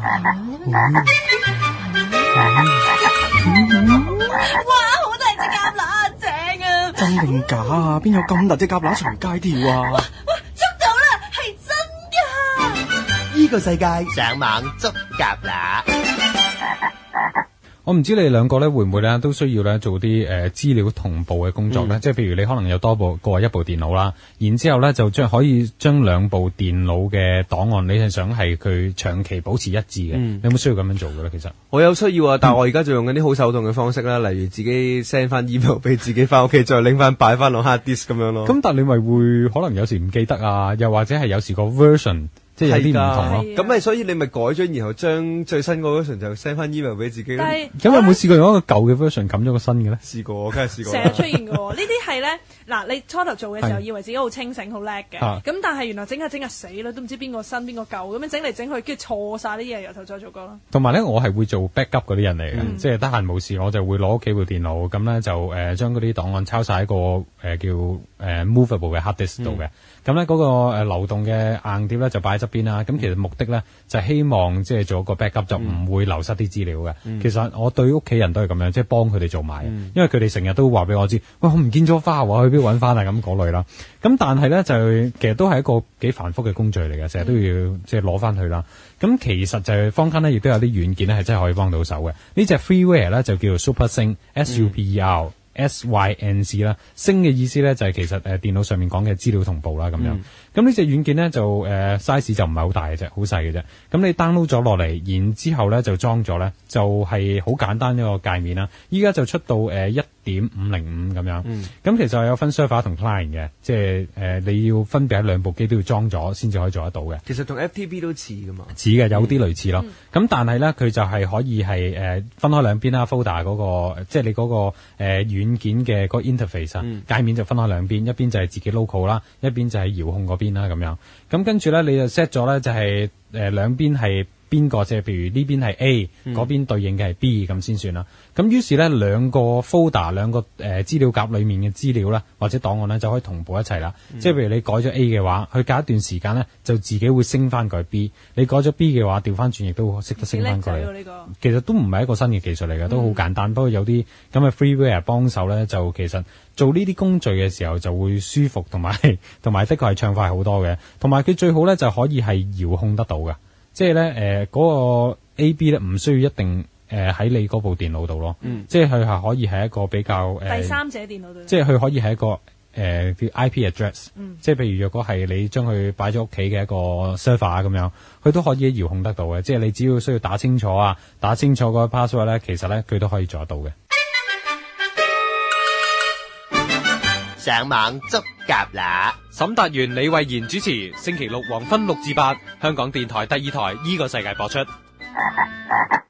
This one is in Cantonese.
啊嗯嗯嗯嗯、哇！好大隻蛤乸正啊！真定假啊？邊、嗯、有咁大隻蛤乸隨街跳啊哇？哇！捉到啦，係真㗎！呢、呢個世界，上網捉蛤乸。 我唔知你哋兩個咧會唔會咧都需要咧做啲誒資料同步嘅工作咧，即係譬如你可能有多部過一部電腦啦，然之後咧就將可以將兩部電腦嘅檔案，你係想係佢長期保持一致嘅，嗯、你有冇需要咁樣做嘅咧？其實我有需要啊，嗯、但係我而家就用緊啲好手動嘅方式啦，例如自己 send 翻 email 俾自己翻屋企，再拎翻擺翻落 hard disk 咁樣咯。咁但係你咪會可能有時唔記得啊，又或者係有時個 version。即係呢啲唔同咯，咁你，所以你咪改咗，然後將最新嗰 version 就 send 翻 email 俾自己呢。咁有冇試過用一個舊嘅 version 冚咗個新嘅咧？試過，梗係試過。成日出現嘅喎， 呢啲係咧嗱，你初頭做嘅時候以為自己好清醒、好叻嘅，咁、啊、但係原來整下整下死啦，都唔知邊個新邊個舊，咁樣整嚟整去，跟住錯晒啲嘢，由頭再做過咯。同埋咧，我係會做 backup 嗰啲人嚟嘅、嗯，即係得閒冇事我就會攞屋企部電腦，咁咧就將嗰啲檔案抄晒一個、呃、叫。moveable 嘅 hard disk 度、嗯、嘅，咁咧嗰個流動嘅硬碟咧就擺喺側邊啦。咁其實目的咧就是、希望即係、就是、做一個 backup，就唔會流失啲資料嘅、嗯。其實我對屋企人都係咁樣，即、就、係、是、幫佢哋做埋、嗯，因為佢哋成日都話俾我知，喂，我唔見咗花，我去邊搵翻啊？咁嗰類啦。咁但係咧就其實都係一個幾繁複嘅工序嚟嘅，成日都要即係攞翻去啦。咁其實就係、是、方巾呢，亦都有啲軟件咧係真係可以幫到手嘅。呢隻 freeware 咧就叫做 Super Sync、嗯、S U P L。Sync 啦，升嘅意思咧就係其實誒電腦上面講嘅資料同步啦咁樣，咁、嗯、呢隻軟件咧就誒、呃、size 就唔係好大嘅啫，好細嘅啫，咁你 download 咗落嚟，然之後咧就裝咗咧，就係、是、好簡單一個界面啦，依家就出到誒一。呃點五零五咁樣，咁、嗯、其實有分 server 同 client 嘅，即係誒你要分別喺兩部機都要裝咗先至可以做得到嘅。其實同 FTP 都似噶嘛，似嘅有啲類似咯。咁、嗯、但係咧，佢就係可以係誒、呃、分開兩邊啦 FODA 嗰個即係、就是、你嗰、那個誒、呃、軟件嘅個 interface、嗯、界面就分開兩邊，一邊就係自己 local 啦，一邊就係遙控嗰邊啦咁樣。咁跟住咧，你就 set 咗咧、就是，就係誒兩邊係。邊個即係譬如呢邊係 A，嗰、嗯、邊對應嘅係 B 咁先算啦。咁於是呢兩個 folder 兩個誒、呃、資料夾裏面嘅資料啦，或者檔案呢，就可以同步一齊啦。即、嗯、係譬如你改咗 A 嘅話，佢隔一段時間呢，就自己會升翻個 B。你改咗 B 嘅話，調翻轉亦都會識得升翻個、啊。其實都唔係一個新嘅技術嚟嘅，都好簡單、嗯。不過有啲咁嘅 freeware 幫手呢，就其實做呢啲工序嘅時候就會舒服同埋同埋的確係暢快好多嘅。同埋佢最好呢，就可以係遙控得到嘅。即係咧，誒、呃，嗰、那個 A B 咧，唔需要一定誒喺、呃、你嗰部電腦度咯。嗯、即係佢係可以係一個比較、呃、第三者電腦度。即係佢可以係一個誒、呃，叫 I P address、嗯。即係譬如若果係你將佢擺咗屋企嘅一個 server 咁樣，佢都可以遙控得到嘅。即係你只要需要打清楚啊，打清楚嗰個 password 咧，其實咧佢都可以做得到嘅。成晚執。沈達元、李慧賢主持，星期六黃昏六至八，香港電台第二台呢個世界播出。啊啊啊